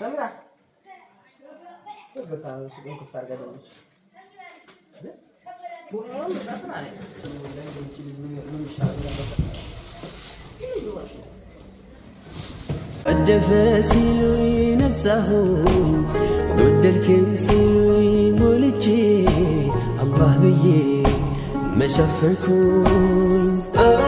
سميرة قدفت سلوي نفسه قد الكل سلوي مولجي الله بيه ما شفكون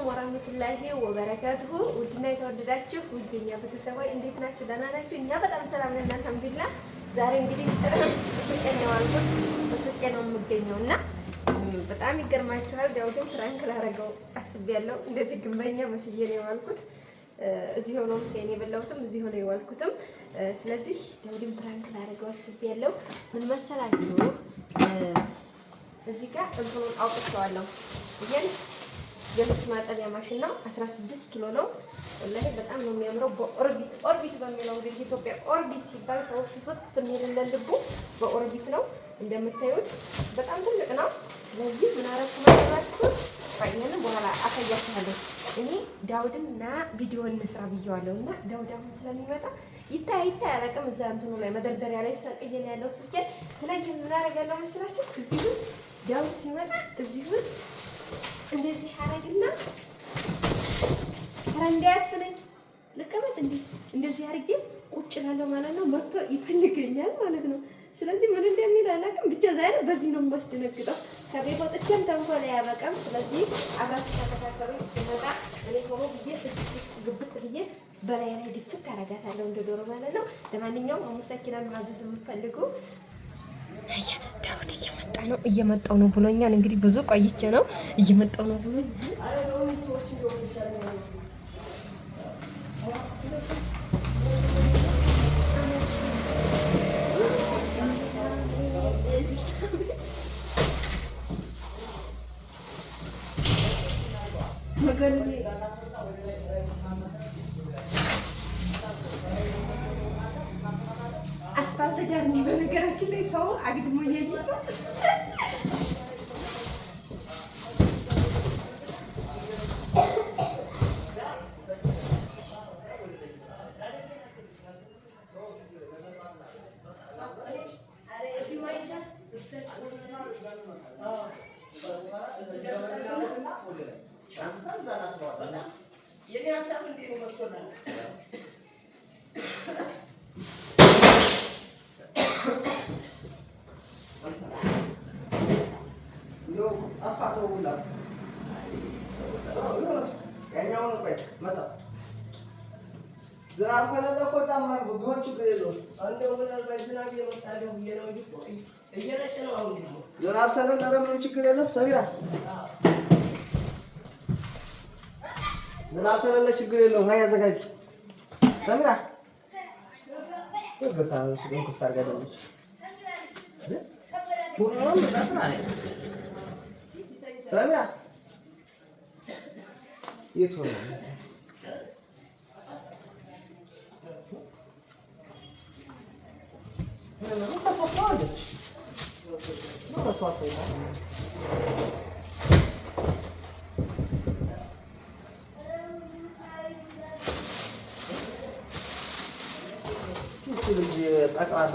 አለይኩም ወራህመቱላሂ ወበረካቱሁ። ውድና የተወደዳችሁ ውድኛ ቤተሰቦች እንዴት ናችሁ? ደህና ናችሁ? እኛ በጣም ሰላም ነን አልሐምዱሊላህ። ዛሬ እንግዲህ ሱቄ ነው አልኩት፣ ሱቄ ነው የምገኘው እና በጣም ይገርማችኋል። ያው ግን ፍራንክ ላደርገው አስቤያለሁ። እንደዚህ ግንበኛ መስዬ ነው የዋልኩት። እዚህ ሆኖ ምሳዬን የበላሁትም እዚህ ሆኖ የዋልኩትም። ስለዚህ ዳውድን ፕራንክ ላደርገው አስቤያለሁ። ምን መሰላችሁ እዚህ ጋር እንትኑን አውቅቸዋለሁ ይሄን የልብስ ማጠቢያ ማሽን ነው። 16 ኪሎ ነው። ወላሂ በጣም ነው የሚያምረው። በኦርቢት ኦርቢት በሚለው እንግዲህ ኢትዮጵያ ኦርቢት ሲባል ሰው ፍሰት ስሜል ለልቡ በኦርቢት ነው። እንደምታዩት በጣም ትልቅ ነው። ስለዚህ ምን አረኩ መሰላችሁ? ይሄንን በኋላ አሳያችኋለሁ። እኔ ዳውድን ና ቪዲዮ እንስራ ብየዋለሁ እና ዳውድ አሁን ስለሚመጣ ይታይ ይታይ አላውቅም። እዛ እንትኑ ላይ መደርደሪያ ላይ ስለቀየለ ያለው ስልኬ ስለዚህ ምን አደርጋለሁ መስላችሁ? እዚህ ውስጥ ዳውድ ሲመጣ እዚህ ውስጥ እንደዚህ አረግና ኧረ እንዳያፍነኝ ልቀመጥ እንደ እንደዚህ አርጌ ቁጭ እላለሁ ማለት ነው። መጥቶ ይፈልገኛል ማለት ነው። ስለዚህ ምን እንደሚል አላውቅም። ብቻ ዛሬ በዚህ ነው የማስደነግጠው። ከቤት ወጥቼም ተንኮል አያበቃም። ስለዚህ አብራችሁ ተከታተሉ። ስመጣ እኔ ሆኖ ብዬ ፍስስ ግብጥ ብዬ በላይ ላይ ድፍት አረጋታለሁ እንደ ዶሮ ማለት ነው። ለማንኛውም አመሰኪናን ማዘዝ የምፈልጉ ዳውድ እየመጣ ነው እየመጣው ነው ብሎኛል። እንግዲህ ብዙ ቆይቼ ነው እየመጣው ነው ብሎኛል። ትዳር ነው። በነገራችን ላይ ሰው አግድሞ እያየ የኔ ሀሳብ እንዴት ነው መጥቶናል ሰው ሁላ ዝናብ ከሌለ እኮ ታማኝ ቢሆን ችግር የለውም። እንደው ዝናብ እየመጣ ደግሞ ዝናብ ችግር የለም። ሰሚራ ዝናብ ከሌለ ችግር የለውም። ሀይ አዘጋጅ ሰሚራ Сандра! የት ሆነ? ጠቅላላ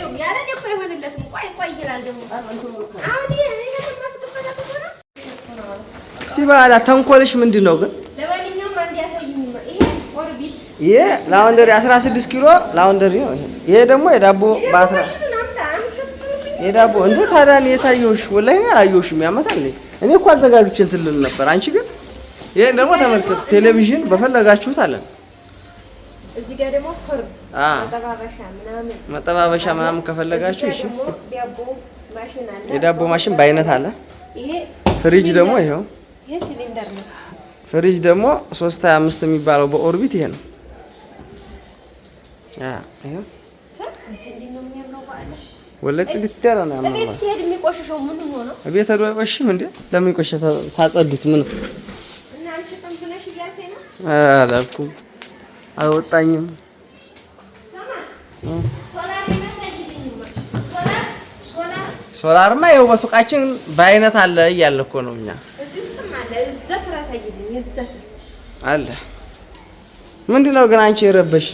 ያለ ደኮ ሲባላ ተንኮልሽ ምንድን ነው ግን? ለማንኛውም አንድ ያሳይኝ። ይሄ ኦርቢት፣ ይሄ ላውንደሪ 16 ኪሎ ላውንደሪ ነው። ይሄ ይሄ ደግሞ የዳቦ ባትራ የዳቦ እንደ ታዲያ እኔ የታየሁሽ ወላሂ እኔ አላየሁሽም። ያመታል እኔ እኮ አዘጋጅቼ እንትን ልል ነበር። አንቺ ግን ይሄን ደግሞ ተመልከቱ። ቴሌቪዥን በፈለጋችሁት አለን እዚህ ጋር ደግሞ መጠባበሻ ምናምን ከፈለጋችሁ፣ እሺ የዳቦ ማሽን በአይነት አለ። ፍሪጅ ደግሞ ይኸው ፍሪጅ ደግሞ ሶስት አምስት የሚባለው በኦርቢት ይሄ ነው። ወለድ ጽድት ያለ ነው። ቤት ሄዶ አይቆሽም እንዴ? ለምን ቆሸ? ታጸዱት ምን አልወጣኝም። ሶላርማ ይኸው በሱቃችን በአይነት አለ እያለ እኮ ነው። እኛ አለ ምንድን ነው ግን አንቺ የረበሽ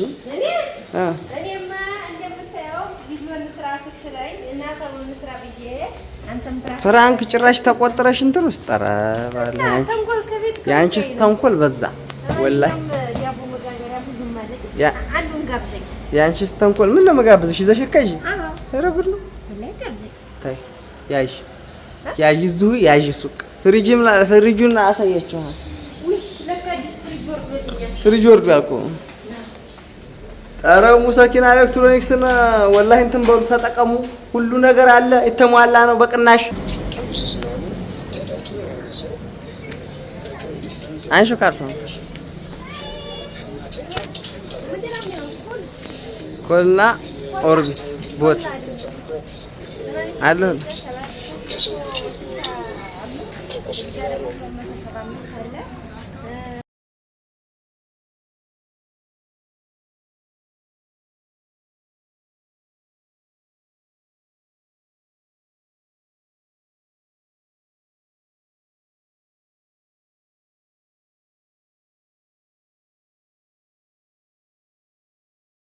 ፍራንክ ጭራሽ ተቆጥረሽ እንትን ውስጥ ኧረ ባለ የአንቺስ ተንኮል በዛ ወላሂ የአንቺስ ተንኮል ምን ነው መጋብዝሽ? ይዘሽ እከጂ። ኧረ ነው። ያዥ ያዥ፣ እዚሁ ያዥ። ሱቅ ፍሪጁን አሳያችኋል። ፍሪጅ ወርዱ ኧረ ኤሌክትሮኒክስን ወላሂ እንትን በሉ ተጠቀሙ። ሁሉ ነገር አለ፣ የተሟላ ነው በቅናሽ አንሺው ካርቶን ኮላ ኦርቢት ቦት አለሁ